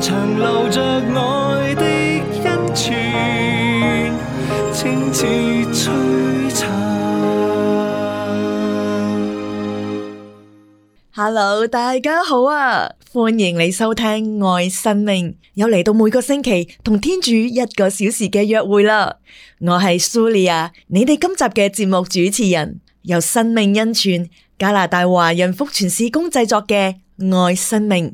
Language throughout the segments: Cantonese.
長留着愛的恩泉，清似璀璨。Hello，大家好啊，歡迎你收聽《愛生命》，又嚟到每個星期同天主一個小時嘅約會啦。我係蘇利亞，你哋今集嘅節目主持人，由生命恩泉加拿大華人福傳事工製作嘅《愛生命》。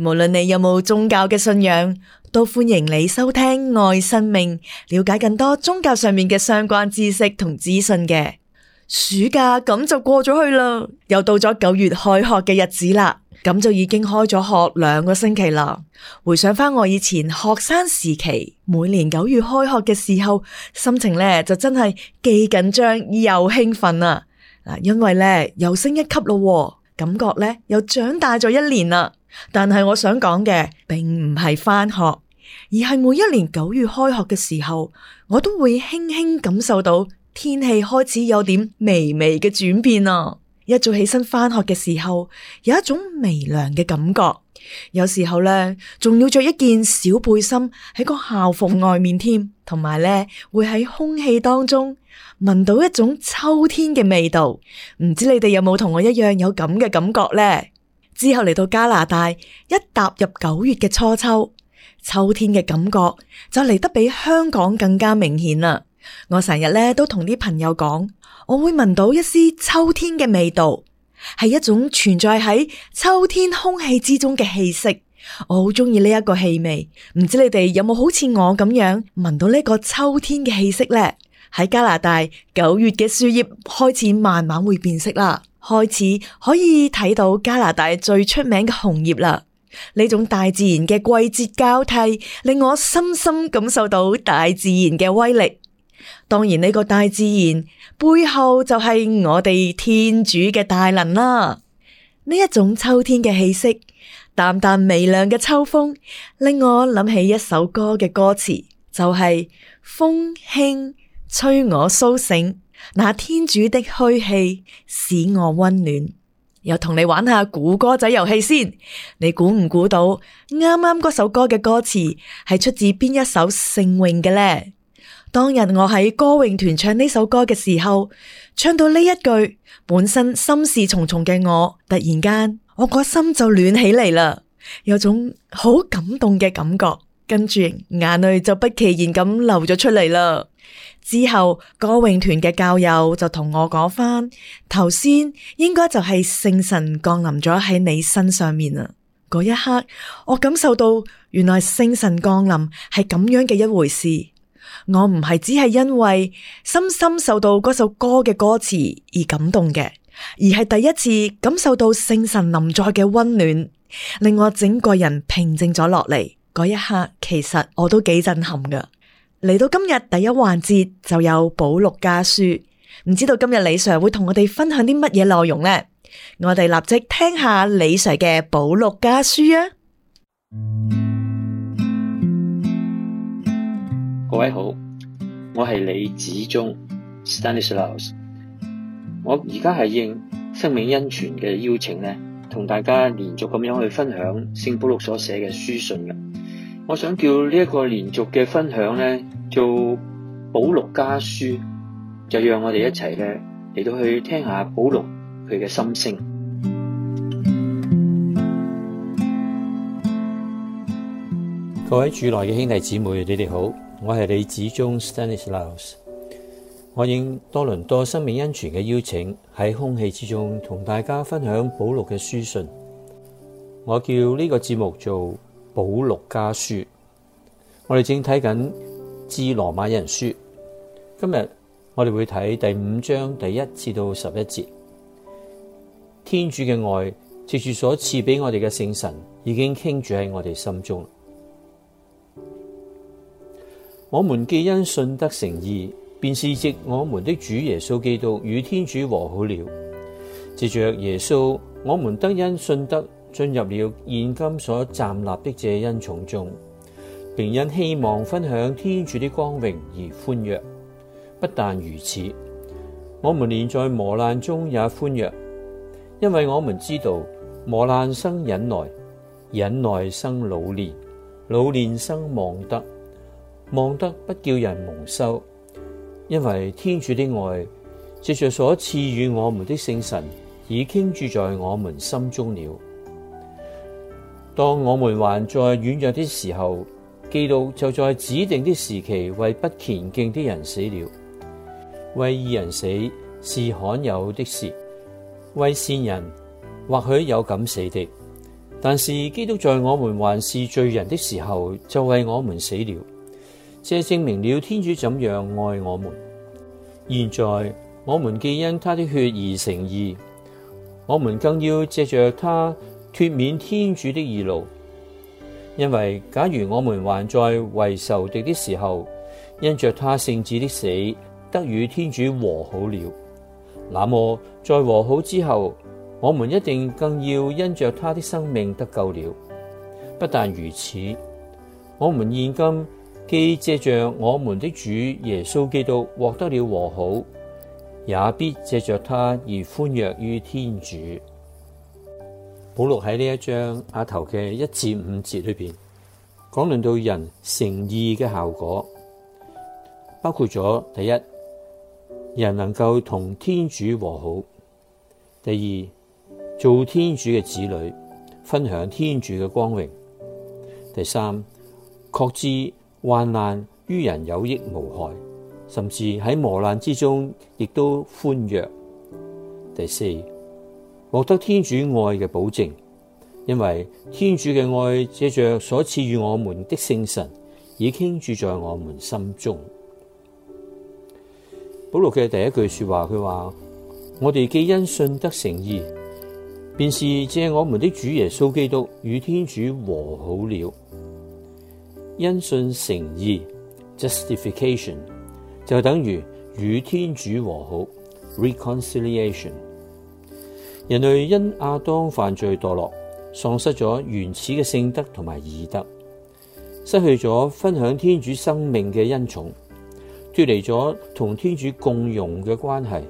無論你有冇宗教嘅信仰，都歡迎你收聽《愛生命》，了解更多宗教上面嘅相關知識同資訊嘅。暑假咁就過咗去啦，又到咗九月開學嘅日子啦。咁就已經開咗學兩個星期啦。回想返我以前學生時期，每年九月開學嘅時候，心情呢就真係既緊張又興奮啊！因為呢，又升一級咯啊，感覺呢又長大咗一年啦。但係我想講嘅，並唔係返學，而係每一年九月開學嘅時候，我都會輕輕感受到天氣開始有點微微嘅轉變啊！一早起身返學嘅時候，有一種微涼嘅感覺，有時候咧，仲要着一件小背心喺個校服外面添，同埋咧會喺空氣當中聞到一種秋天嘅味道。唔知你哋有冇同我一樣有咁嘅感覺咧？之後嚟到加拿大，一踏入九月嘅初秋，秋天嘅感覺就嚟得比香港更加明顯啦。我成日咧都同啲朋友講，我會聞到一絲秋天嘅味道，係一種存在喺秋天空氣之中嘅氣息。我好鍾意呢一個氣味，唔知你哋有冇好似我咁樣聞到呢個秋天嘅氣息咧？喺加拿大九月嘅樹葉開始慢慢會變色啦，開始可以睇到加拿大最出名嘅紅葉啦。呢種大自然嘅季節交替，令我深深感受到大自然嘅威力。當然呢個大自然背後就係我哋天主嘅大能啦。呢一種秋天嘅氣息，淡淡微涼嘅秋風，令我諗起一首歌嘅歌詞，就係、是、風輕。催我蘇醒，那天主的噓氣使我溫暖。又同你玩下估歌仔遊戲先，你估唔估到啱啱嗰首歌嘅歌詞係出自邊一首聖詠嘅呢？當日我喺歌詠團唱呢首歌嘅時候，唱到呢一句，本身心事重重嘅我，突然間我個心就暖起嚟啦，有種好感動嘅感覺，跟住眼淚就不期然咁流咗出嚟啦。之後歌詠團嘅教友就同我講返，頭先應該就係聖神降臨咗喺你身上面啦。嗰一刻我感受到，原來聖神降臨係咁樣嘅一回事。我唔係只係因為深深受到嗰首歌嘅歌詞而感動嘅，而係第一次感受到聖神臨在嘅温暖，令我整個人平靜咗落嚟。嗰一刻其實我都幾震撼噶。嚟到今日第一環節，就有保祿家書，唔知道今日李 Sir 會同我哋分享啲乜嘢內容呢？我哋立即聽下李 Sir 嘅保祿家書啊！各位好，我係李子忠 Stanislaus，我而家係應生命恩泉嘅邀請咧，同大家連續咁樣去分享聖保祿所寫嘅書信嘅。我想叫呢一個連續嘅分享呢，做保祿家書，就讓我哋一齊呢，嚟到去聽一下保祿佢嘅心聲。各位主內嘅兄弟姊妹，你哋好，我係李子忠 Stanislaus，我應多倫多生命恩泉嘅邀請，喺空氣之中同大家分享保祿嘅書信。我叫呢個節目做。保祿家書，我哋正睇緊《致羅馬人書》，今日我哋會睇第五章第一至到十一節。天主嘅愛借住所賜俾我哋嘅聖神，已經傾住喺我哋心中。我們既因信德成義，便是藉我們的主耶穌基督與天主和好了。借着耶穌，我們得因信德。進入了現今所站立的這恩寵中，並因希望分享天主的光榮而歡躍。不但如此，我們連在磨難中也歡躍，因為我們知道磨難生忍耐，忍耐生老練，老練生望德。望德不叫人蒙羞，因為天主的愛藉着所賜予我們的聖神已傾注在我們心中了。當我們還在軟弱的時候，基督就在指定的時期為不虔敬的人死了。為義人死是罕有的事，為善人或許有敢死的。但是基督在我們還是罪人的時候，就為我們死了。這證明了天主怎樣愛我們。現在我們既因他的血而成義，我們更要藉着他。脫免天主的義怒，因為假如我們還在為仇敵的時候，因着他聖子的死得與天主和好了，那麼在和好之後，我們一定更要因着他的生命得救了。不但如此，我們現今既借着我們的主耶穌基督獲得了和好，也必借着他而歡躍於天主。保祿喺呢一章阿、啊、頭嘅一至五節裏邊，講論到人誠意嘅效果，包括咗第一，人能夠同天主和好；第二，做天主嘅子女，分享天主嘅光榮；第三，確知患難於人有益無害，甚至喺磨難之中亦都歡躍；第四。獲得天主愛嘅保證，因為天主嘅愛借着所賜予我們的聖神，已傾注在我們心中。保禄嘅第一句說話，佢話：我哋既因信得成義，便是借我們的主耶穌基督與天主和好了。因信成義 （justification） 就等於與天主和好 （reconciliation）。人類因亞當犯罪墮落，喪失咗原始嘅性德同埋義德，失去咗分享天主生命嘅恩寵，脫離咗同天主共融嘅關係，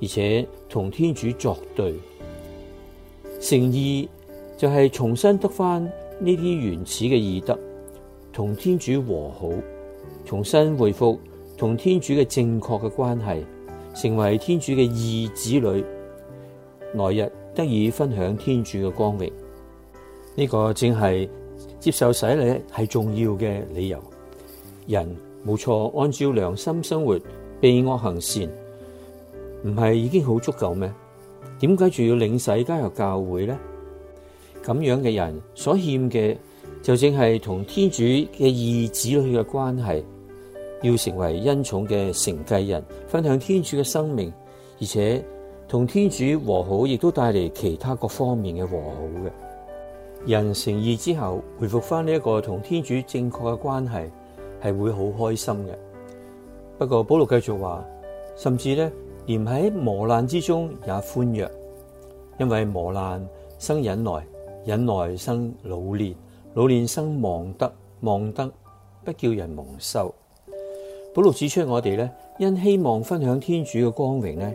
而且同天主作對。誠意就係重新得返呢啲原始嘅義德，同天主和好，重新回復同天主嘅正確嘅關係，成為天主嘅義子女。來日得以分享天主嘅光榮，呢個正係接受洗禮係重要嘅理由。人冇錯，按照良心生活，避惡行善，唔係已經好足夠咩？點解仲要領洗加入教會咧？咁樣嘅人所欠嘅就正係同天主嘅義子女嘅關係，要成為恩寵嘅承繼人，分享天主嘅生命，而且。同天主和好，亦都帶嚟其他各方面嘅和好嘅人成義之後，回復翻呢一個同天主正確嘅關係，係會好開心嘅。不過保祿繼續話，甚至咧連喺磨難之中也歡躍，因為磨難生忍耐，忍耐生老練，老練生望德，望德不叫人蒙羞。保祿指出我，我哋咧因希望分享天主嘅光榮咧。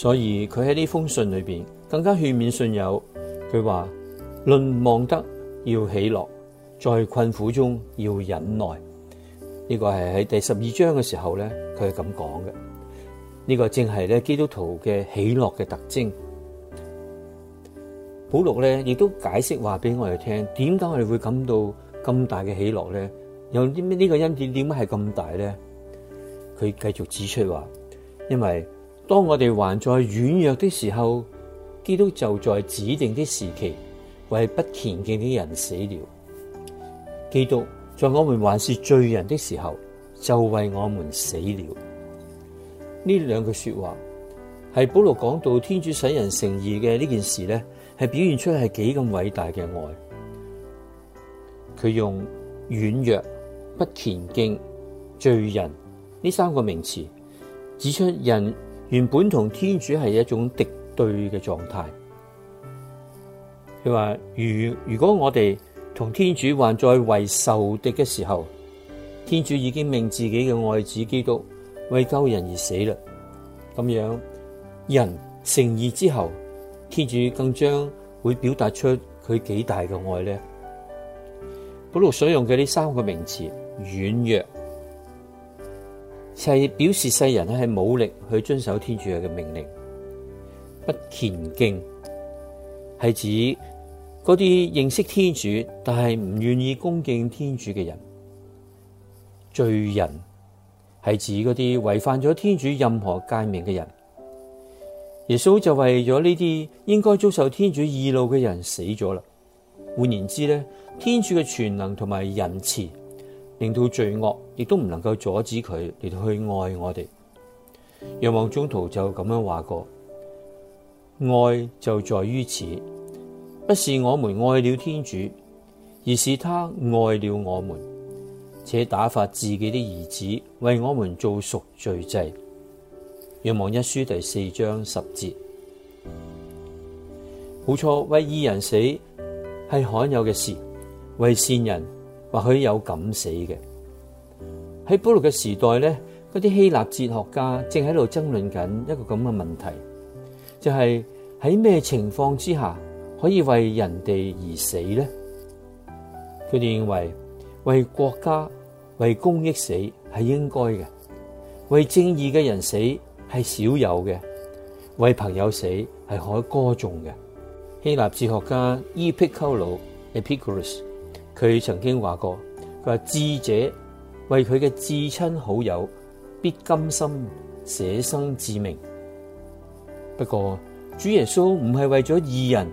所以佢喺呢封信裏邊更加勸勉信友，佢話論望德要喜樂，在困苦中要忍耐。呢、這個係喺第十二章嘅時候咧，佢係咁講嘅。呢、這個正係咧基督徒嘅喜樂嘅特徵。保祿咧亦都解釋話俾我哋聽，點解我哋會感到咁大嘅喜樂咧？有啲咩呢個因子點解係咁大咧？佢繼續指出話，因為當我哋還在軟弱的時候，基督就在指定的時期為不虔敬的人死了。基督在我們還是罪人的時候就為我們死了。呢兩句說話係保祿講到天主使人成義嘅呢件事呢，係表現出係幾咁偉大嘅愛。佢用軟弱、不虔敬、罪人呢三個名詞指出人。原本同天主係一種敵對嘅狀態。佢話：如如果我哋同天主還在為仇敵嘅時候，天主已經命自己嘅愛子基督為救人而死啦。咁樣人成義之後，天主更將會表達出佢幾大嘅愛呢？保羅所用嘅呢三個名詞：軟弱。一切表示世人咧係冇力去遵守天主嘅命令。不虔敬，係指嗰啲認識天主但係唔願意恭敬天主嘅人，罪人係指嗰啲違反咗天主任何誡命嘅人。耶穌就為咗呢啲應該遭受天主義怒嘅人死咗啦。換言之咧，天主嘅全能同埋仁慈，令到罪惡亦都唔能夠阻止佢嚟去愛我哋。若望宗徒就咁樣話過：愛就在於此，不是我們愛了天主，而是他愛了我們，且打發自己的兒子為我們做贖罪祭。若望一書第四章十節，冇錯，為義人死係罕有嘅事，為善人。或許有敢死嘅。喺保羅嘅時代咧，嗰啲希臘哲學家正喺度爭論緊一個咁嘅問題，就係喺咩情況之下可以為人哋而死咧？佢哋認為為國家、為公益死係應該嘅，為正義嘅人死係少有嘅，為朋友死係可歌頌嘅。希臘哲學家伊庇鳩魯 （Epicurus）。佢曾經話過，佢話智者為佢嘅至親好友必甘心捨生致命。不過，主耶穌唔係為咗義人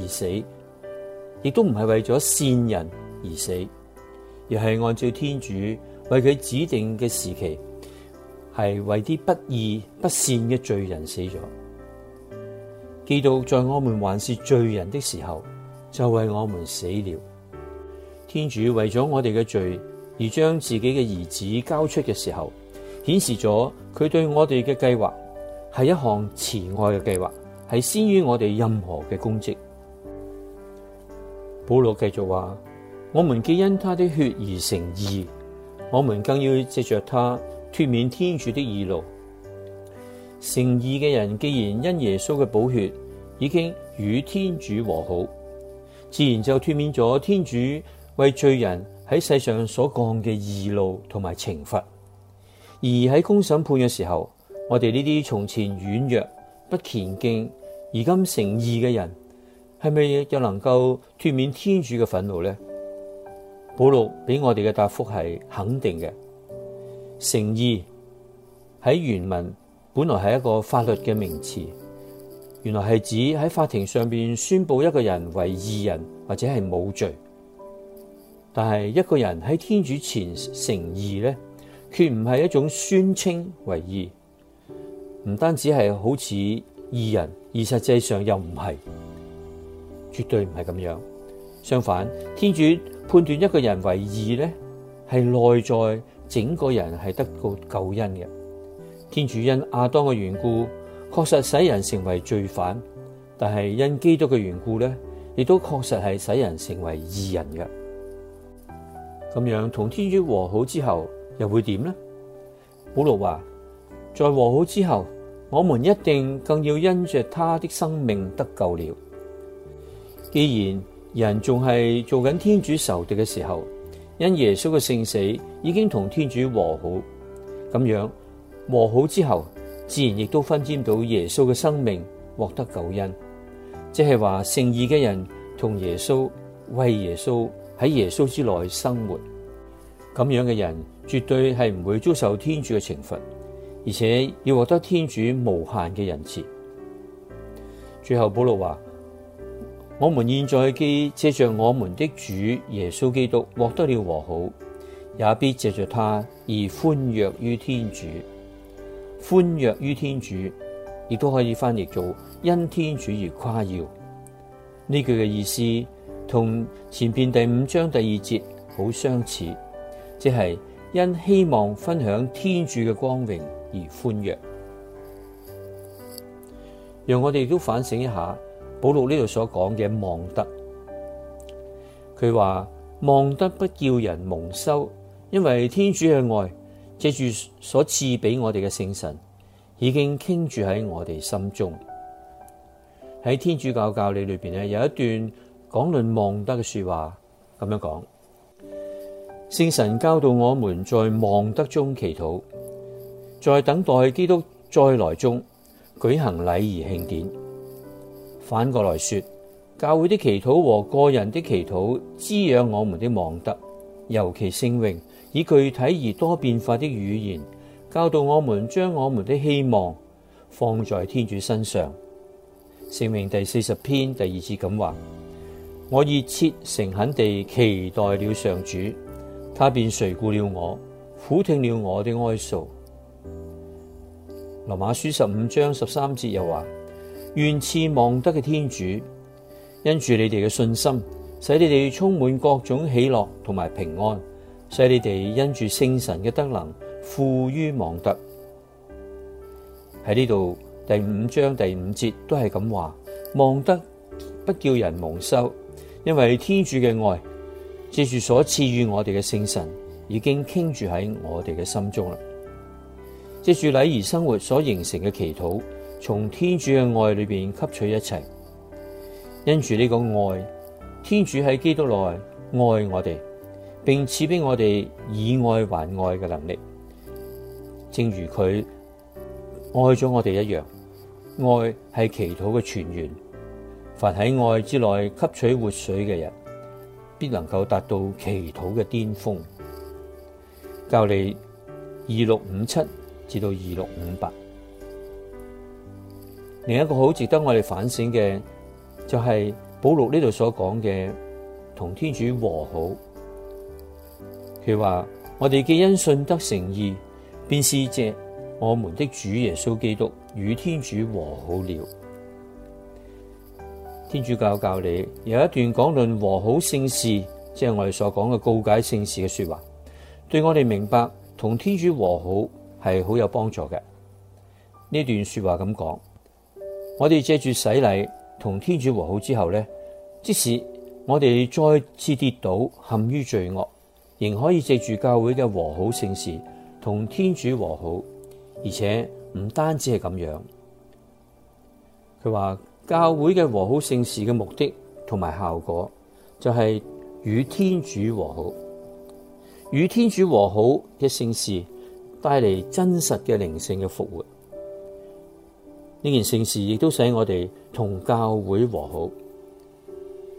而死，亦都唔係為咗善人而死，而係按照天主為佢指定嘅時期，係為啲不義不善嘅罪人死咗。基督在我們還是罪人的時候，就為我們死了。天主為咗我哋嘅罪而將自己嘅兒子交出嘅時候，顯示咗佢對我哋嘅計劃係一項慈愛嘅計劃，係先於我哋任何嘅功績。保羅繼續話：我們既因他的血而成義，我們更要借着他脫免天主的義怒。成義嘅人既然因耶穌嘅寶血已經與天主和好，自然就脫免咗天主，為罪人喺世上所降嘅義怒同埋懲罰，而喺公審判嘅時候，我哋呢啲從前軟弱不虔敬，而今成義嘅人，係咪又能夠脱免天主嘅憤怒呢？保祿俾我哋嘅答覆係肯定嘅。成義喺原文本來係一個法律嘅名詞，原來係指喺法庭上邊宣布一個人為義人或者係無罪。但係一個人喺天主前成義咧，絕唔係一種宣稱為義，唔單止係好似義人，而實際上又唔係，絕對唔係咁樣。相反，天主判斷一個人為義咧，係內在整個人係得個救恩嘅。天主因阿當嘅緣故，確實使人成為罪犯，但係因基督嘅緣故咧，亦都確實係使人成為義人嘅。咁樣同天主和好之後，又會點呢？保祿話：在和好之後，我們一定更要因着他的生命得救了。既然人仲係做緊天主仇敵嘅時候，因耶穌嘅聖死已經同天主和好，咁樣和好之後，自然亦都分沾到耶穌嘅生命，獲得救恩。即係話，聖意嘅人同耶穌為耶穌。喺耶穌之內生活，咁樣嘅人絕對係唔會遭受天主嘅懲罰，而且要獲得天主無限嘅仁慈。最後保祿話：我們現在既借着我們的主耶穌基督獲得了和好，也必借着他而歡躍於天主。歡躍於天主，亦都可以翻譯做因天主而誇耀。呢句嘅意思。同前邊第五章第二節好相似，即係因希望分享天主嘅光榮而歡躍。讓我哋都反省一下保祿這裏，保祿呢度所講嘅望德，佢話望德不叫人蒙羞，因為天主嘅愛藉住所賜俾我哋嘅聖神，已經傾注喺我哋心中。喺天主教教理裏邊呢有一段。講論望德嘅說話咁樣講，聖神教導我們在望德中祈禱，在等待基督再來中舉行禮儀慶典。反過來說，教會的祈禱和個人的祈禱滋養我們的望德，尤其聖詠以具體而多變化的語言教導我們，將我們的希望放在天主身上。聖詠第四十篇第二節咁話。我熱切誠懇地期待了上主，他便垂顧了我，撫聽了我的哀訴。羅馬書十五章十三節又話：願賜望德嘅天主，因住你哋嘅信心，使你哋充滿各種喜樂同埋平安，使你哋因住聖神嘅德能賦於望德。喺呢度第五章第五節都係咁話：望德不叫人蒙羞。因為天主嘅愛，借住所賜予我哋嘅聖神，已經傾注喺我哋嘅心中啦。借住禮儀生活所形成嘅祈禱，從天主嘅愛裏邊吸取一切。因住呢個愛，天主喺基督內愛我哋，並賜俾我哋以愛還愛嘅能力，正如佢愛咗我哋一樣。愛係祈禱嘅泉源。凡喺愛之內吸取活水嘅人，必能夠達到祈禱嘅巔峰。教理二六五七至到二六五八。另一個好值得我哋反省嘅，就係、是、保祿呢度所講嘅同天主和好。佢話：我哋既因信德成義，便是借我們的主耶穌基督與天主和好了。天主教教理有一段講論和好聖事，即係我哋所講嘅告解聖事嘅說話，對我哋明白同天主和好係好有幫助嘅。呢段說話咁講，我哋借住洗禮同天主和好之後咧，即使我哋再次跌倒陷於罪惡，仍可以借住教會嘅和好聖事同天主和好，而且唔單止係咁樣，佢話。教會嘅和好聖事嘅目的同埋效果，就係與天主和好，與天主和好嘅聖事帶嚟真實嘅靈性嘅復活。呢件聖事亦都使我哋同教會和好，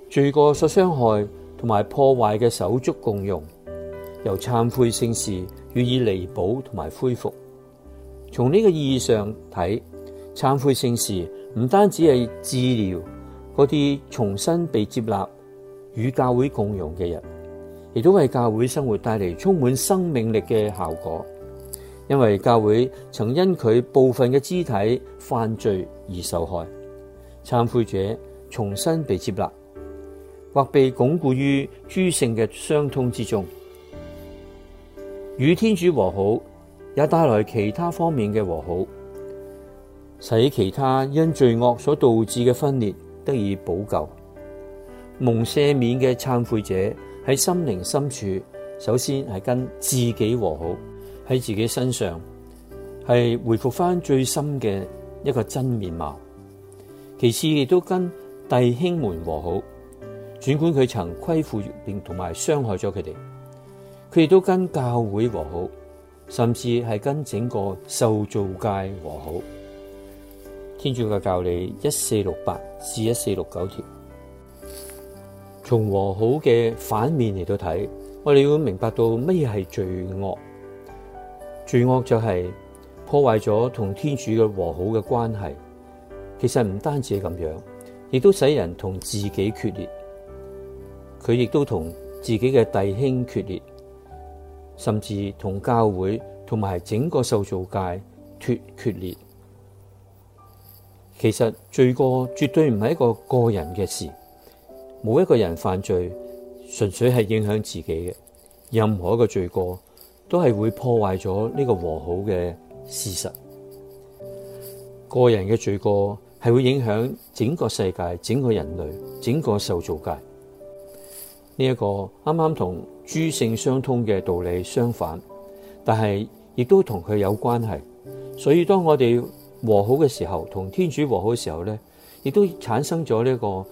罪過所傷害同埋破壞嘅手足共融，由懺悔聖事予以彌補同埋恢復。從呢個意義上睇，懺悔聖事。唔單止係治療嗰啲重新被接納與教會共融嘅人，亦都為教會生活帶嚟充滿生命力嘅效果。因為教會曾因佢部分嘅肢體犯罪而受害，懺悔者重新被接納，或被鞏固於諸聖嘅相通之中，與天主和好，也帶來其他方面嘅和好。使其他因罪惡所導致嘅分裂得以補救，蒙赦免嘅懺悔者喺心靈深處，首先係跟自己和好，喺自己身上係回復翻最深嘅一個真面貌；其次亦都跟弟兄們和好，儘管佢曾虧負並同埋傷害咗佢哋，佢亦都跟教會和好，甚至係跟整個受造界和好。天主教教理一四六八至一四六九條，從和好嘅反面嚟到睇，我哋要明白到乜嘢係罪惡？罪惡就係破壞咗同天主嘅和好嘅關係。其實唔單止係咁樣，亦都使人同自己決裂，佢亦都同自己嘅弟兄決裂，甚至同教會同埋整個受造界脱決裂。其實罪過絕對唔係一個個人嘅事，冇一個人犯罪，純粹係影響自己嘅。任何一個罪過都係會破壞咗呢個和好嘅事實。個人嘅罪過係會影響整個世界、整個人類、整個受造界。呢一個啱啱同諸聖相通嘅道理相反，但係亦都同佢有關係。所以當我哋。和好嘅時候，同天主和好嘅時候咧，亦都產生咗呢個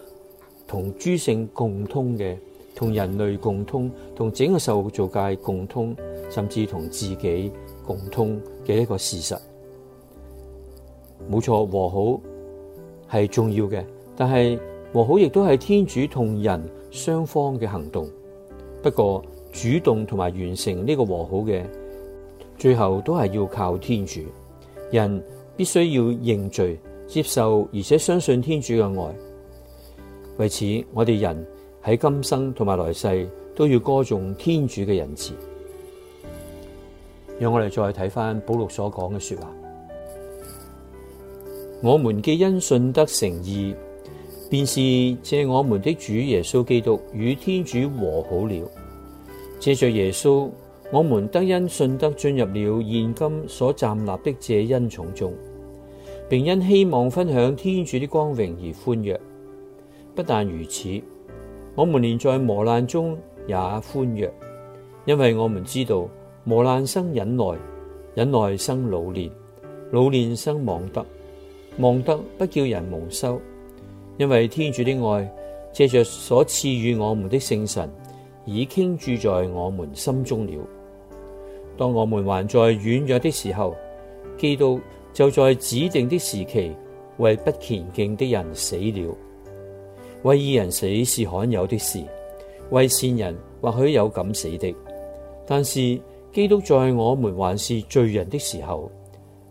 同諸聖共通嘅、同人類共通、同整個受造界共通，甚至同自己共通嘅一個事實。冇錯，和好係重要嘅，但係和好亦都係天主同人雙方嘅行動。不過主動同埋完成呢個和好嘅，最後都係要靠天主人，必須要認罪、接受，而且相信天主嘅愛。為此，我哋人喺今生同埋來世都要歌頌天主嘅仁慈。讓我哋再睇翻保祿所講嘅說的話：我們既因信德成義，便是借我們的主耶穌基督與天主和好了。借着耶穌，我們得因信德進入了現今所站立的這恩寵中。並因希望分享天主的光榮而歡躍。不但如此，我們連在磨難中也歡躍，因為我們知道磨難生忍耐，忍耐生老練，老練生望德，望德不叫人蒙羞。因為天主的愛借着所賜予我們的聖神，已傾注在我們心中了。當我們還在軟弱的時候，基督，就在指定的時期，為不虔敬的人死了。為義人死是罕有的事，為善人或許有敢死的。但是基督在我們還是罪人的時候，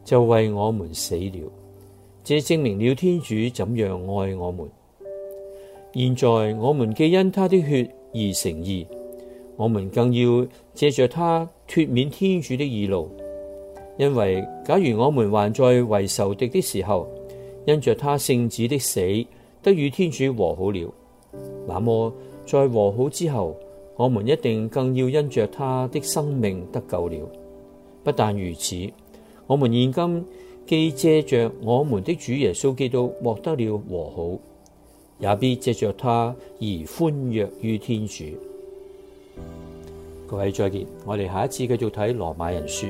就為我們死了。這證明了天主怎樣愛我們。現在我們既因他的血而成義，我們更要借着他脫免天主的義怒。因為假如我們還在為仇敵的時候，因着他聖子的死得與天主和好了，那麼在和好之後，我們一定更要因着他的生命得救了。不但如此，我們現今既借着我們的主耶穌基督獲得了和好，也必借着他而歡躍於天主。各位再見，我哋下一次繼續睇羅馬人書。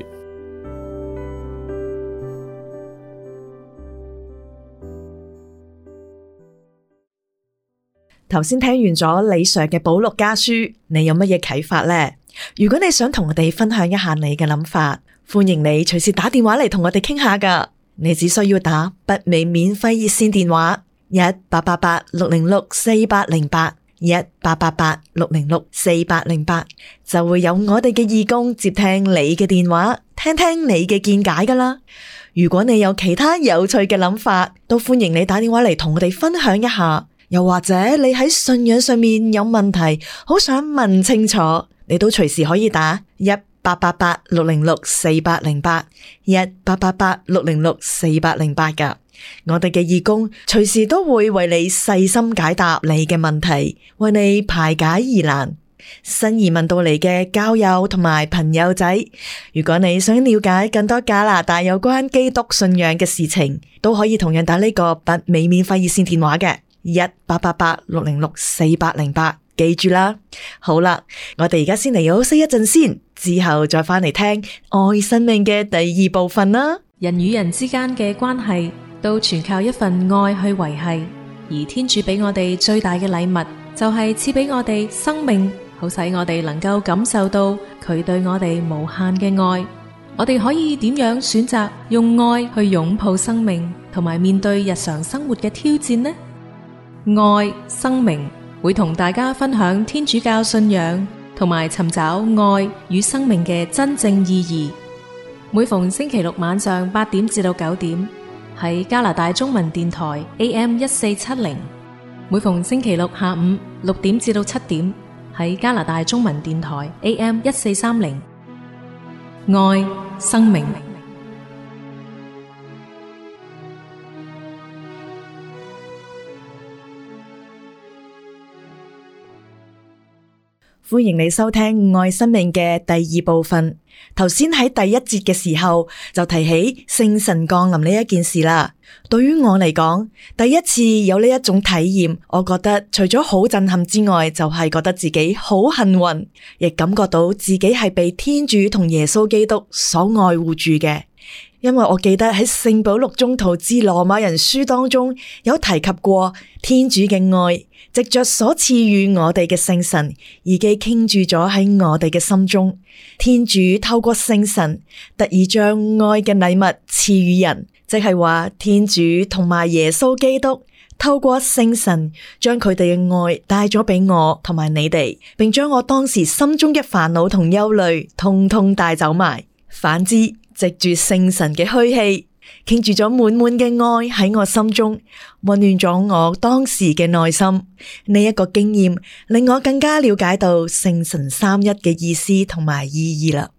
頭先聽完咗李 Sir 嘅《保祿家書》，你有乜嘢啟發呢？如果你想同我哋分享一下你嘅諗法，歡迎你隨時打電話嚟同我哋傾下㗎。你只需要打北美免費熱線電話一八八八六零六四八零八一八八八六零六四八零八，就會有我哋嘅義工接聽你嘅電話，聽聽你嘅見解㗎啦。如果你有其他有趣嘅諗法，都歡迎你打電話嚟同我哋分享一下。又或者你喺信仰上面有問題，好想問清楚，你都隨時可以打一八八八六零六四八零八一八八八六零六四八零八噶。我哋嘅義工隨時都會為你細心解答你嘅問題，為你排解疑難。新移民到嚟嘅交友同埋朋友仔，如果你想了解更多加拿大有關基督信仰嘅事情，都可以同樣打呢個北美免費熱線電話嘅。一八八八六零六四八零八，記住啦。好啦，我哋而家先嚟休息一陣先，之後再翻嚟聽愛生命嘅第二部分啦。人與人之間嘅關係都全靠一份愛去維繫，而天主俾我哋最大嘅禮物就係賜俾我哋生命，好使我哋能夠感受到佢對我哋無限嘅愛。我哋可以點樣選擇用愛去擁抱生命，同埋面對日常生活嘅挑戰呢？愛生命會同大家分享天主教信仰，同埋尋找愛與生命嘅真正意義。每逢星期六晚上八點至到九點，喺加拿大中文電台 AM 一四七零；每逢星期六下午六點至到七點，喺加拿大中文電台 AM 一四三零。愛生命。歡迎你收聽愛生命嘅第二部分。頭先喺第一節嘅時候就提起聖神降臨呢一件事啦。對於我嚟講，第一次有呢種體驗，我覺得除咗好震撼之外，就係覺得自己好幸運，亦感覺到自己係被天主同耶穌基督所愛護住嘅。因為我記得喺聖保禄宗徒之羅馬人書當中有提及過天主嘅愛，藉著所賜予我哋嘅聖神已經傾注咗喺我哋嘅心中。天主透過聖神，特意將愛嘅禮物賜予人，即係話天主同埋耶穌基督透過聖神將佢哋嘅愛帶咗畀我同埋你哋，並將我當時心中嘅煩惱同憂慮通通帶走埋。反之。藉住聖神嘅虛氣，傾住咗滿滿嘅愛喺我心中，溫暖咗我當時嘅內心。呢、這、一個經驗令我更加了解到聖神三一嘅意思同埋意義啦。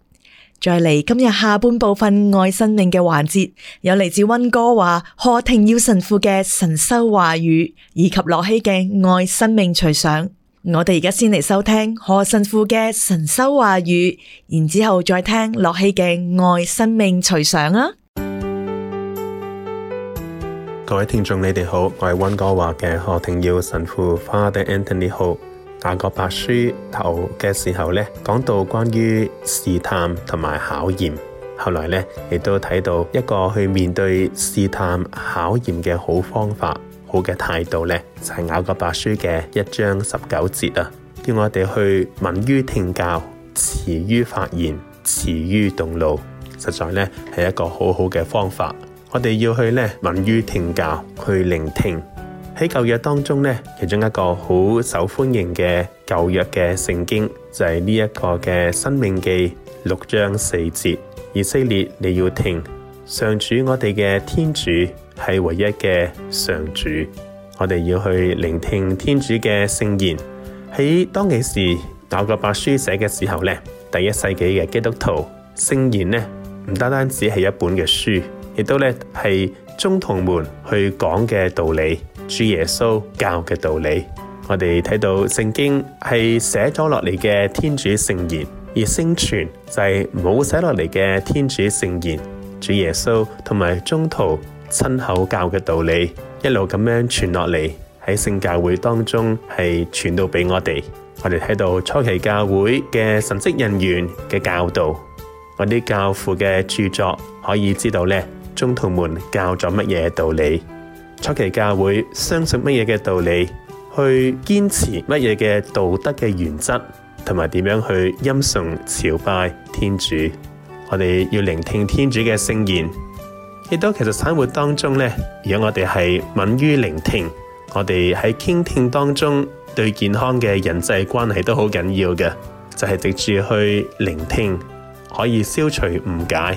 再嚟今日下半部分愛生命嘅環節，有嚟自溫哥華賀庭耀神父嘅神修話語，以及駱曦嘅愛生命隨想。我哋而家先嚟收聽何神父嘅神修話語，然之後再聽駱曦嘅愛生命隨想啊！各位聽眾，你哋好，我係温哥華嘅何廷耀神父 Father Anthony Ho。打個白書頭嘅時候呢，講到關於試探同埋考驗，後來呢，亦都睇到一個去面對試探考驗嘅好方法。好嘅態度呢，就係、是、雅各伯書嘅一章十九節啊，叫我哋去敏於聽教，遲於發言，遲於動怒，實在呢，係一個很好好嘅方法。我哋要去呢，敏於聽教，去聆聽。喺舊約當中呢，其中一個好受歡迎嘅舊約嘅聖經就係呢一個嘅申命記六章四節，以色列你要聽。上主,主上主，我哋嘅天主係唯一嘅上主。我哋要去聆聽天主嘅聖言。喺當其時，搞個白書寫嘅時候咧，第一世紀嘅基督徒聖言咧，唔單單只係一本嘅書，亦都咧係宗徒們去講嘅道理，主耶穌教嘅道理。我哋睇到聖經係寫咗落嚟嘅天主聖言，而聖傳就係冇寫落嚟嘅天主聖言。主耶穌同埋宗徒親口教嘅道理一，一路咁樣傳落嚟，喺聖教會當中係傳到俾我哋。我哋睇到初期教會嘅神職人員嘅教導，嗰啲教父嘅著作可以知道呢，宗徒們教咗乜嘢道理？初期教會相信乜嘢嘅道理？去堅持乜嘢嘅道德嘅原則，同埋點樣去欽崇朝拜天主？我哋要聆聽天主嘅聖言，亦都其實生活當中呢，如果我哋係敏於聆聽，我哋喺傾聽當中對健康嘅人際關係都好緊要嘅。就係藉住去聆聽，可以消除誤解；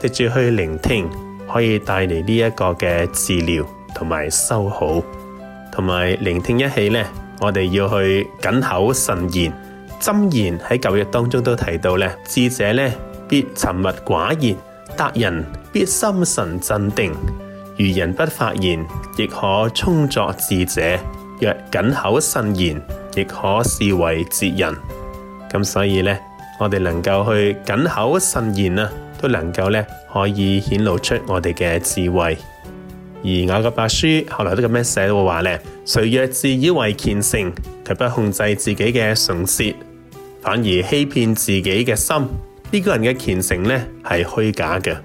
藉住去聆聽，可以帶嚟呢一個嘅治療同埋修好，同埋聆聽一起呢，我哋要去謹口慎言，箴言喺舊約當中都提到呢，智者呢。必沉默寡言，達人必心神鎮定。愚人不發言，亦可充作智者；若謹口慎言，亦可視為哲人。咁所以呢，我哋能夠去謹口慎言啊，都能夠呢可以顯露出我哋嘅智慧。而我嘅白書後來都咁樣寫到話呢，誰若自以為虔誠，卻不控制自己嘅唇舌，反而欺騙自己嘅心。呢個人嘅虔誠咧係虛假嘅，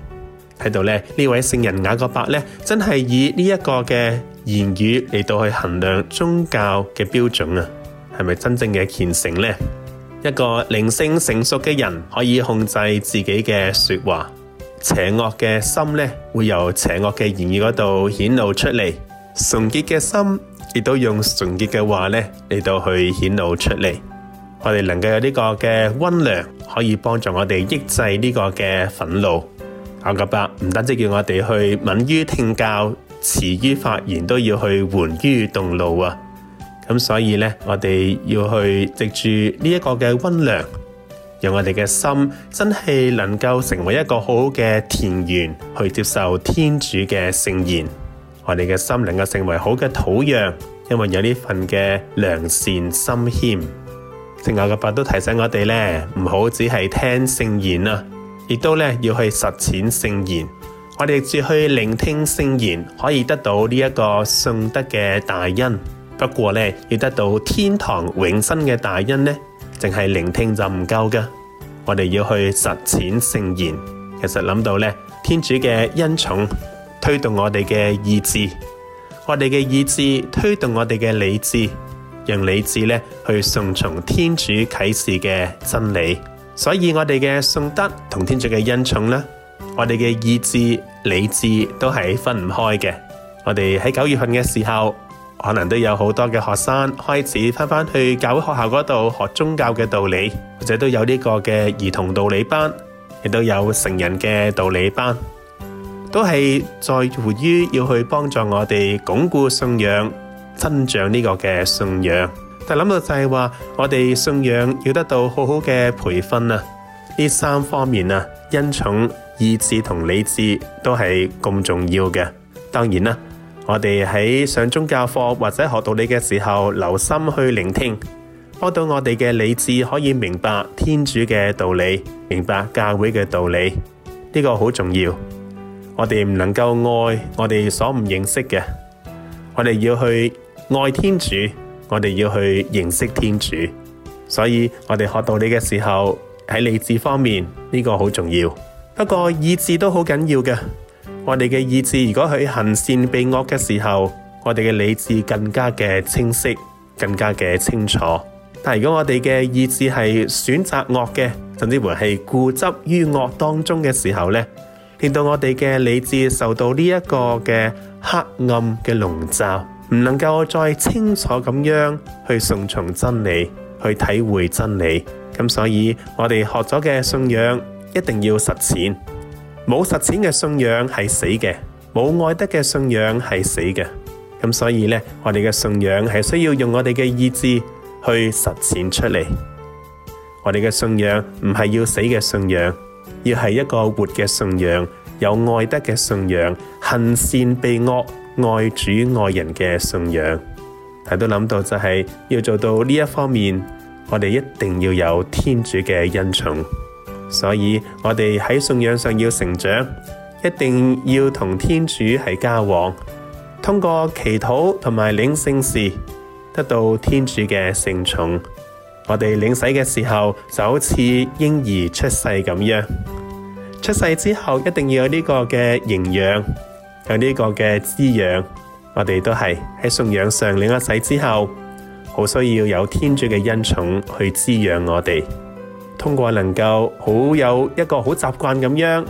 喺度咧呢位聖人雅各伯咧真係以呢一個嘅言語嚟到，去衡量宗教嘅標準啊，係咪真正嘅虔誠咧？一個靈性成熟嘅人可以控制自己嘅說話，邪惡嘅心咧會由邪惡嘅言語嗰度顯露出嚟，純潔嘅心亦都用純潔嘅話咧嚟到去顯露出嚟。我哋能夠有呢個嘅溫良，可以幫助我哋抑制呢個嘅憤怒。雅各伯唔單止叫我哋去敏於聽教，遲於發言，都要去緩於動怒啊！咁所以呢，我哋要去藉住呢一個嘅溫良，讓我哋嘅心真係能夠成為一個好嘅田園，去接受天主嘅聖言。我哋嘅心能夠成為好嘅土壤，因為有呢份嘅良善心謙。聖雅各伯嘅話都提醒我哋咧，唔好只係聽聖言啊，亦都咧，要去實踐聖言。我哋只去聆聽聖言，可以得到呢一個信德嘅大恩。不過咧，要得到天堂永生嘅大恩呢，淨係聆聽就唔夠噶我哋要去實踐聖言。其實諗到咧，天主嘅恩寵推動我哋嘅意志，我哋嘅意志推動我哋嘅理智。讓理智咧去順從天主啟示嘅真理，所以我哋嘅信德同天主嘅恩寵咧，我哋嘅意志、理智都係分唔開嘅。我哋喺九月份嘅時候，可能都有好多嘅學生開始翻返去教會學校嗰度學宗教嘅道理，或者都有呢個嘅兒童道理班，亦都有成人嘅道理班，都係在乎於要去幫助我哋鞏固信仰。增長呢個嘅信仰，但係諗到就係話，我哋信仰要得到好好嘅培訓啊！呢三方面啊，恩寵、意志同理智都係咁重要嘅。當然啦，我哋喺上宗教課或者學道理嘅時候，留心去聆聽，幫到我哋嘅理智可以明白天主嘅道理，明白教會嘅道理，呢個好重要。我哋唔能夠愛我哋所唔認識嘅，我哋要去。愛天主，我哋要去認識天主，所以我哋學道理嘅時候，喺理智方面呢個好重要。不過意志都好緊要嘅，我哋嘅意志如果去行善避惡嘅時候，我哋嘅理智更加嘅清晰，更加嘅清楚。但如果我哋嘅意志係選擇惡嘅，甚至乎係固執於惡當中嘅時候呢，令到我哋嘅理智受到呢一個嘅黑暗嘅籠罩。唔能夠再清楚咁樣去順從真理，去體會真理。咁所以我哋學咗嘅信仰一定要實踐，冇實踐嘅信仰係死嘅，冇愛德嘅信仰係死嘅。咁所以呢，我哋嘅信仰係需要用我哋嘅意志去實踐出嚟。我哋嘅信仰唔係要死嘅信仰，要係一個活嘅信仰，有愛德嘅信仰，行善避惡。愛主愛人嘅信仰，係都諗到就係、是、要做到呢一方面，我哋一定要有天主嘅恩寵，所以我哋喺信仰上要成長，一定要同天主係交往，通過祈禱同埋領聖事，得到天主嘅聖寵。我哋領洗嘅時候就好似嬰兒出世咁樣，出世之後一定要有呢個嘅營養。有呢個嘅滋養，我哋都係喺信仰上領咗洗之後，好需要有天主嘅恩寵去滋養我哋。通過能夠好有一個好習慣咁樣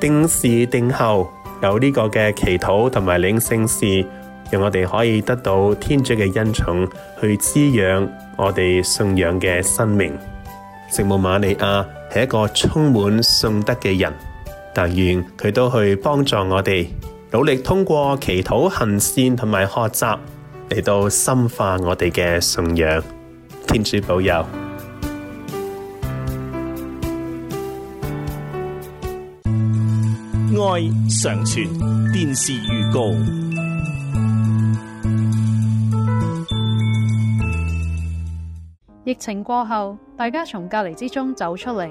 定時定候，有呢個嘅祈禱同埋領聖事，讓我哋可以得到天主嘅恩寵去滋養我哋信仰嘅生命。聖母瑪利亞係一個充滿信德嘅人，但願佢都去幫助我哋。努力通過祈禱、行善同埋學習嚟到深化我哋嘅信仰。天主保佑。愛常存。電視預告。疫情過後，大家從隔離之中走出嚟，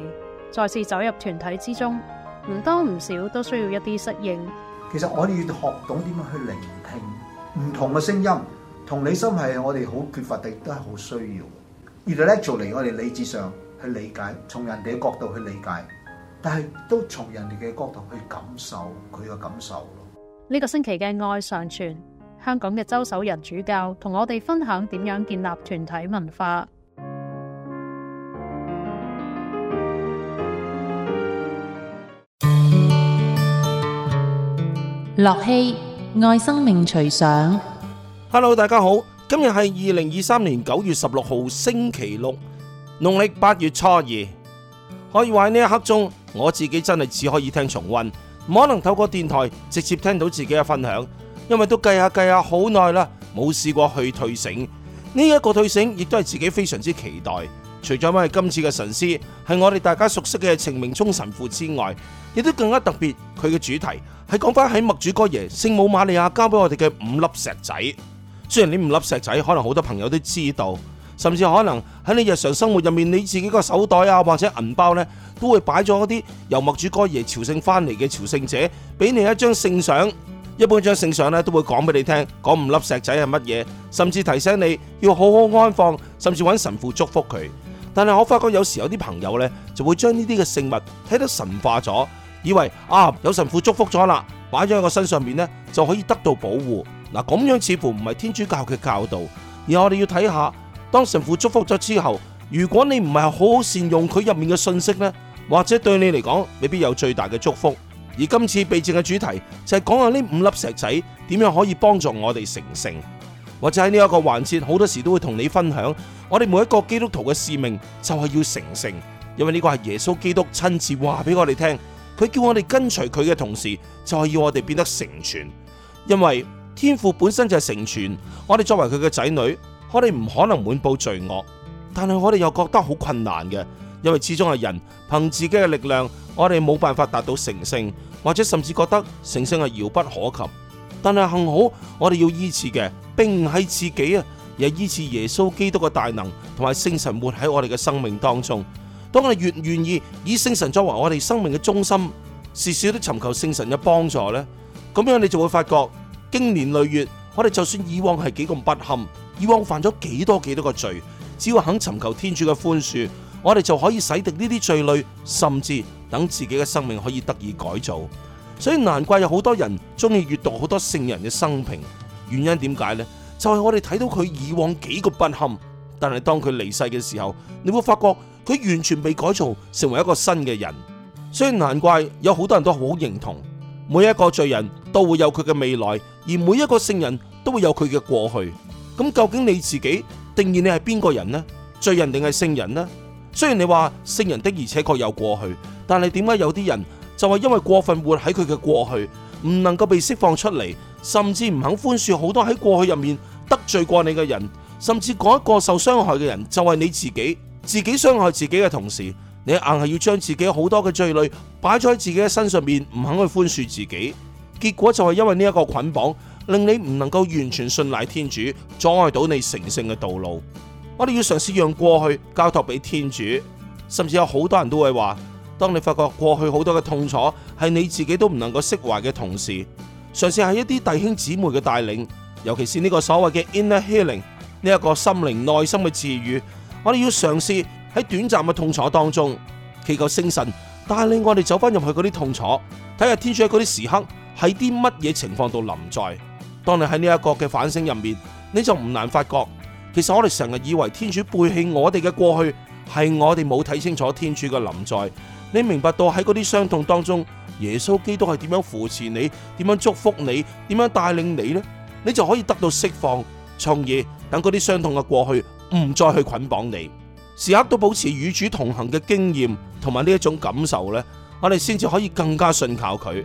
再次走入團體之中，唔多唔少都需要一啲適應。其實我哋要學懂點樣去聆聽唔同嘅聲音，同理心係我哋好缺乏，嘅都係好需要。Intellectually，我哋理智上去理解，從人哋嘅角度去理解，但係都從人哋嘅角度去感受佢嘅感受。呢個星期嘅愛上傳，香港嘅周守仁主教同我哋分享點樣建立團體文化。駱曦愛生命隨想，Hello，大家好，今日係二零二三年九月十六號星期六，農曆八月初二。可以話呢一刻鐘，我自己真係只可以聽重温，唔可能透過電台直接聽到自己嘅分享，因為都計下計下好耐啦，冇試過去退醒呢一個退醒，亦都係自己非常之期待。除咗係今次嘅神師係我哋大家熟悉嘅程明聰神父之外，亦都更加特別。佢嘅主題係講翻喺默主哥爺聖母瑪利亞交俾我哋嘅五粒石仔。雖然呢五粒石仔，可能好多朋友都知道，甚至可能喺你日常生活入面，你自己個手袋啊或者銀包呢，都會擺咗一啲由默主哥爺朝聖翻嚟嘅朝聖者俾你一張聖相，一般一張聖相呢都會講俾你聽，講五粒石仔係乜嘢，甚至提醒你要好好安放，甚至搵神父祝福佢。但係我發覺有時有啲朋友呢，就會將呢啲嘅聖物睇得神化咗，以為啊有神父祝福咗啦，擺咗喺個身上面呢，就可以得到保護。嗱，咁樣似乎唔係天主教嘅教導。而我哋要睇下，當神父祝福咗之後，如果你唔係好好善用佢入面嘅信息呢，或者對你嚟講未必有最大嘅祝福。而今次備戰嘅主題就係講下呢五粒石仔點樣可以幫助我哋成聖，或者喺呢一個環節好多時都會同你分享。我哋每一個基督徒嘅使命就係要成聖，因為呢個係耶穌基督親自話俾我哋聽，佢叫我哋跟隨佢嘅同時，就係要我哋變得成全。因為天父本身就係成全，我哋作為佢嘅仔女，我哋唔可能滿布罪惡，但係我哋又覺得好困難嘅，因為始終係人憑自己嘅力量，我哋冇辦法達到成聖，或者甚至覺得成聖係遙不可及。但係幸好，我哋要依次嘅，並唔係自己啊。也依恃耶穌基督嘅大能同埋聖神活喺我哋嘅生命當中。當我哋越願意以聖神作為我哋生命嘅中心，少少都尋求聖神嘅幫助呢，咁樣你就會發覺，經年累月，我哋就算以往係幾咁不堪，以往犯咗幾多幾多個罪，只要肯尋求天主嘅寬恕，我哋就可以洗滌呢啲罪累，甚至等自己嘅生命可以得以改造。所以難怪有好多人中意閱讀好多聖人嘅生平，原因點解呢？就係我哋睇到佢以往幾個不堪，但係當佢離世嘅時候，你會發覺佢完全被改造成為一個新嘅人，所以難怪有好多人都好認同，每一個罪人都會有佢嘅未來，而每一個聖人都會有佢嘅過去。咁究竟你自己定義你係邊個人呢？罪人定係聖人呢？雖然你話聖人的，而且確有過去，但係點解有啲人就係因為過分活喺佢嘅過去，唔能夠被釋放出嚟，甚至唔肯寬恕好多喺過去入面。得罪過你嘅人，甚至嗰一個受傷害嘅人就係你自己，自己傷害自己嘅同時，你硬係要將自己好多嘅罪累擺咗喺自己嘅身上面，唔肯去寬恕自己，結果就係因為呢一個捆綁，令你唔能夠完全信賴天主，阻礙到你成聖嘅道路。我哋要嘗試讓過去交託俾天主，甚至有好多人都會話，當你發覺過去好多嘅痛楚係你自己都唔能夠釋懷嘅同時，嘗試喺一啲弟兄姊妹嘅帶領。尤其是呢個所謂嘅 inner healing，呢一個心靈內心嘅治愈。我哋要嘗試喺短暫嘅痛楚當中祈求聖神帶領我哋走翻入去嗰啲痛楚，睇下天主喺嗰啲時刻喺啲乜嘢情況度臨在。當你喺呢一個嘅反省入面，你就唔難發覺，其實我哋成日以為天主背棄我哋嘅過去，係我哋冇睇清楚天主嘅臨在。你明白到喺嗰啲傷痛當中，耶穌基督係點樣扶持你，點樣祝福你，點樣帶領你呢？你就可以得到釋放，從而等嗰啲傷痛嘅過去，唔再去捆綁你，時刻都保持與主同行嘅經驗同埋呢一種感受呢，我哋先至可以更加信靠佢。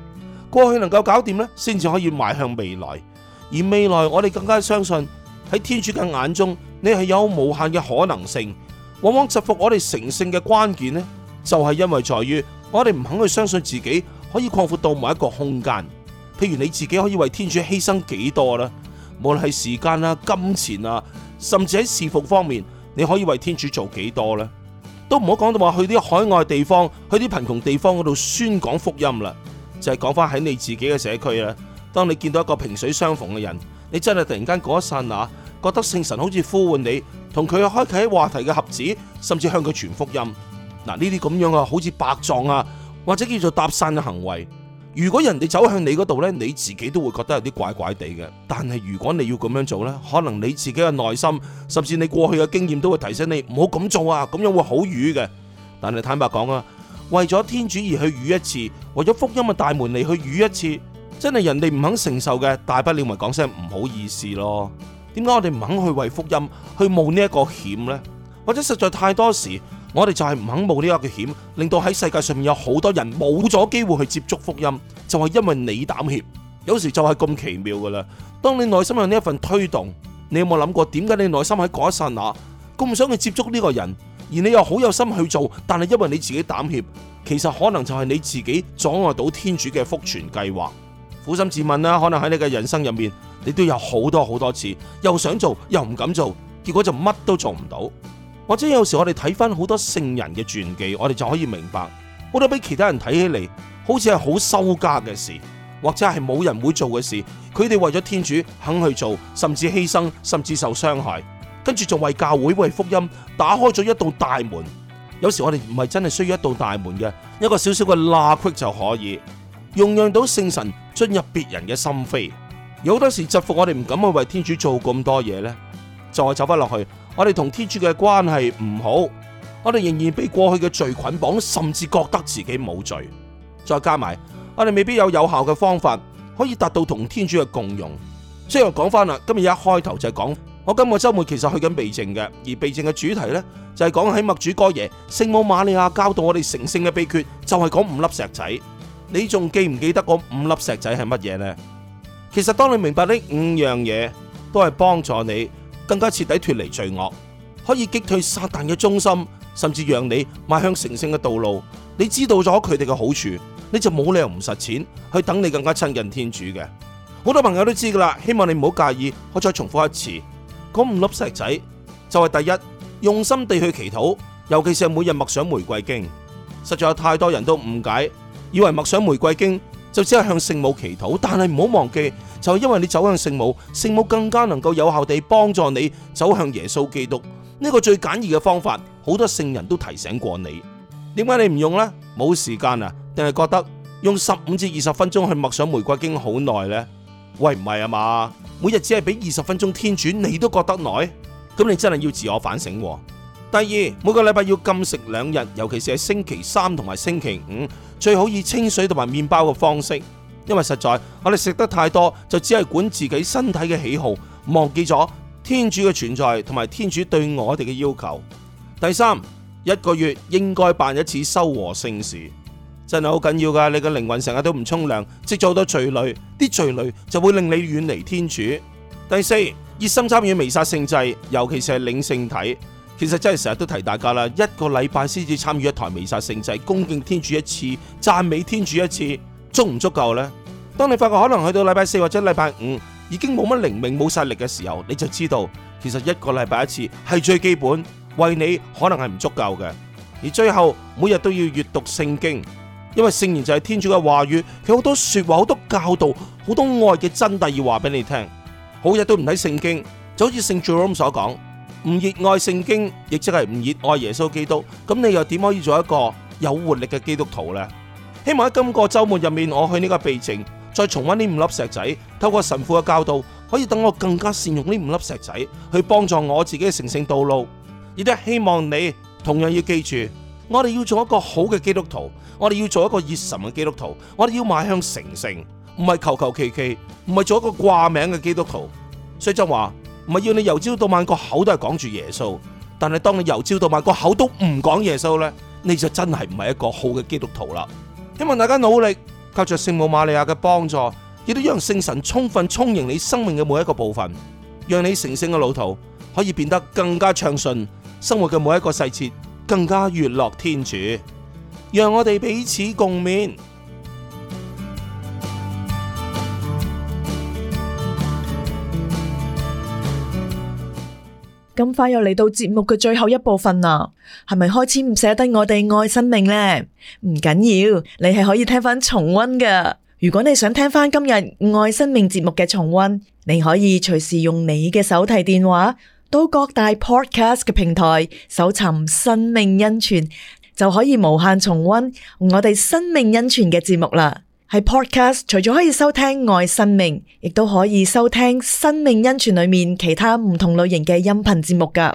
過去能夠搞掂呢，先至可以邁向未來，而未來我哋更加相信喺天主嘅眼中，你係有無限嘅可能性。往往制服我哋成聖嘅關鍵呢就係因為在於我哋唔肯去相信自己可以擴闊到某一個空間。譬如你自己可以為天主犧牲幾多咧？無論係時間啊、金錢啊，甚至喺侍服方面，你可以為天主做幾多呢？都唔好講到話去啲海外地方，去啲貧窮地方嗰度宣講福音啦，就係講翻喺你自己嘅社區啊。當你見到一個萍水相逢嘅人，你真係突然間嗰一剎那，覺得聖神好似呼喚你，同佢開啟話題嘅盒子，甚至向佢傳福音。嗱，呢啲咁樣啊，好似白撞啊，或者叫做搭訕嘅行為。如果人哋走向你嗰度呢，你自己都會覺得有啲怪怪地嘅但係如果你要咁樣做呢，可能你自己嘅內心，甚至你過去嘅經驗都會提醒你唔好咁做啊！咁樣會好瘀嘅。但係坦白講啊，為咗天主而去瘀一次，為咗福音嘅大門嚟去瘀一次，真係人哋唔肯承受嘅，大不了咪講聲唔好意思咯。點解我哋唔肯去為福音去冒這個險呢一個險呢？或者實在太多時，我哋就係唔肯冒呢一個危險，令到喺世界上面有好多人冇咗機會去接觸福音，就係因為你膽怯，有時就係咁奇妙噶啦。當你內心有呢一份推動，你有冇諗過點解你內心喺嗰一剎那咁想去接觸呢個人，而你又好有心去做，但係因為你自己膽怯，其實可能就係你自己阻礙到天主嘅福傳計劃。苦心自問啦，可能喺你嘅人生入面，你都有好多好多次又想做又唔敢做，結果就乜都做唔到。或者有時我哋睇翻好多聖人嘅傳記，我哋就可以明白，好多俾其他人睇起嚟好似係好羞家嘅事，或者係冇人會做嘅事。佢哋為咗天主肯去做，甚至犧牲，甚至受傷害，跟住仲為教會為福音打開咗一道大門。有時我哋唔係真係需要一道大門嘅，一個少少嘅罅隙就可以，容讓到聖神進入別人嘅心扉。有好多時，祝福我哋唔敢去為天主做咁多嘢呢，就係走不落去。我哋同天主嘅關係唔好，我哋仍然被過去嘅罪捆綁，甚至覺得自己冇罪。再加埋，我哋未必有有效嘅方法可以達到同天主嘅共融。所以我講翻啦，今日一開頭就係講，我今個周末其實去緊避靜嘅，而避靜嘅主題呢，就係講喺默主哥耶聖母瑪利亞教導我哋成聖嘅秘訣，就係、是、講五粒石仔。你仲記唔記得嗰五粒石仔係乜嘢呢？其實當你明白呢五樣嘢，都係幫助你。更加徹底脫離罪惡，可以擊退撒旦嘅中心，甚至讓你邁向成聖嘅道路。你知道咗佢哋嘅好處，你就冇理由唔實踐去等你更加親近天主嘅。好多朋友都知噶啦，希望你唔好介意，我再重複一次，嗰五粒石仔就係、是、第一，用心地去祈禱，尤其是每日默想玫瑰經。實在有太多人都誤解，以為默想玫瑰經。就只係向聖母祈禱，但係唔好忘記，就係因為你走向聖母，聖母更加能夠有效地幫助你走向耶穌基督。呢個最簡易嘅方法，好多聖人都提醒過你。點解你唔用呢？冇時間啊？定係覺得用十五至二十分鐘去默想玫瑰經好耐呢？喂，唔係啊嘛？每日只係俾二十分鐘天主，你都覺得耐？咁你真係要自我反省。第二，每個禮拜要禁食兩日，尤其是係星期三同埋星期五。最好以清水同埋麵包嘅方式，因為實在我哋食得太多，就只係管自己身體嘅喜好，忘記咗天主嘅存在同埋天主對我哋嘅要求。第三，一個月應該辦一次修和聖事，真係好緊要噶。你嘅靈魂成日都唔沖涼，積咗好多罪累，啲罪累就會令你遠離天主。第四，熱心參與彌撒聖祭，尤其是係領聖體。其實真係成日都提大家啦，一個禮拜先至參與一台彌撒聖祭，恭敬天主一次，讚美天主一次，足唔足夠呢？當你發覺可能去到禮拜四或者禮拜五已經冇乜靈命冇勢力嘅時候，你就知道其實一個禮拜一次係最基本，為你可能係唔足夠嘅。而最後每日都要閱讀聖經，因為聖言就係天主嘅話語，佢好多說話、好多教導、好多愛嘅真諦要話俾你聽。好日都唔睇聖經，就好似聖 Jerome 所講。唔熱愛聖經，亦即係唔熱愛耶穌基督，咁你又點可以做一個有活力嘅基督徒呢？希望喺今個周末入面，我去呢個秘境，再重溫呢五粒石仔，透過神父嘅教導，可以等我更加善用呢五粒石仔，去幫助我自己嘅成聖道路。亦都係希望你同樣要記住，我哋要做一個好嘅基督徒，我哋要做一個熱神嘅基督徒，我哋要邁向成聖，唔係求求其其，唔係做一個掛名嘅基督徒。所以就話。唔係要你由朝到晚個口都係講住耶穌，但係當你由朝到晚個口都唔講耶穌咧，你就真係唔係一個好嘅基督徒啦。希望大家努力，靠着聖母瑪利亞嘅幫助，亦都讓聖神充分充盈你生命嘅每一個部分，讓你成聖嘅路途可以變得更加暢順，生活嘅每一個細節更加悅樂天主，讓我哋彼此共勉。咁快又嚟到節目嘅最後一部分啦，係咪開始唔捨得我哋愛生命呢？唔緊要，你係可以聽翻重溫㗎。如果你想聽翻今日愛生命節目嘅重溫，你可以隨時用你嘅手提電話到各大 Podcast 嘅平台搜尋生命恩泉，就可以無限重溫我哋生命恩泉嘅節目啦。係 Podcast，除咗可以收聽愛生命，亦都可以收聽生命恩泉裏面其他唔同類型嘅音頻節目噶。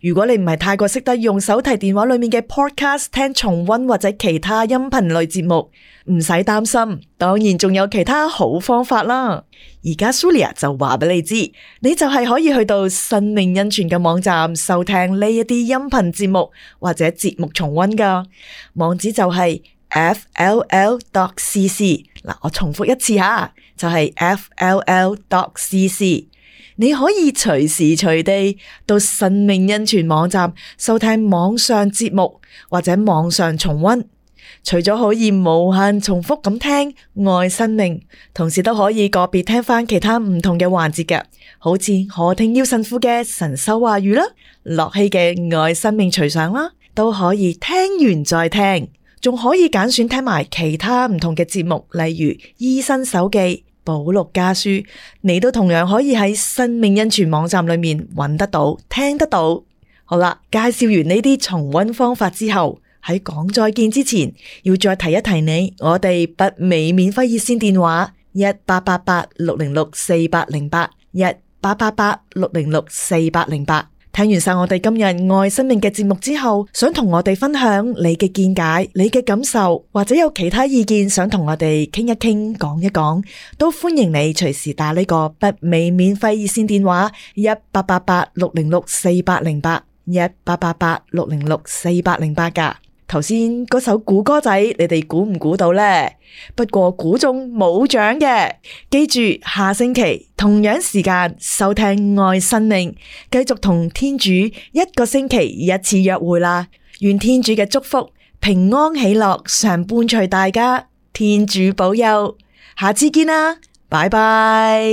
如果你唔係太過識得用手提電話裏面嘅 Podcast 聽重溫或者其他音頻類節目，唔使擔心。當然仲有其他好方法啦。而家 Sulia 就話俾你知，你就係可以去到生命恩泉嘅網站收聽呢一啲音頻節目或者節目重溫噶。網址就係、是。fll.cc 嗱、啊，我重複一次吓，就係、是、fll.cc。你可以隨時隨地到生命恩泉網站收聽網上節目或者網上重溫。除咗可以無限重複咁聽愛生命，同時都可以個別聽翻其他唔同嘅環節嘅，好似何聽邀神父嘅神修話語啦，駱曦嘅愛生命隨想啦，都可以聽完再聽。仲可以揀選聽埋其他唔同嘅節目，例如《醫生手記》《保祿家書》，你都同樣可以喺生命恩泉網站裏面揾得到、聽得到。好啦，介紹完呢啲重温方法之後，喺講再見之前，要再提一提你我哋北美免費熱線電話一八八八六零六四八零八一八八八六零六四八零八。聽完晒我哋今日愛生命嘅節目之後，想同我哋分享你嘅見解、你嘅感受，或者有其他意見想同我哋傾一傾、講一講，都歡迎你隨時打呢個北美免費熱線電話一八八八六零六四八零八一八八八六零六四八零八噶。頭先嗰首古歌仔，你哋估唔估到呢？不過估中冇獎嘅，記住下星期同樣時間收聽愛生命，繼續同天主一個星期一次約會啦。願天主嘅祝福平安喜樂常伴隨大家，天主保佑，下次見啦，拜拜。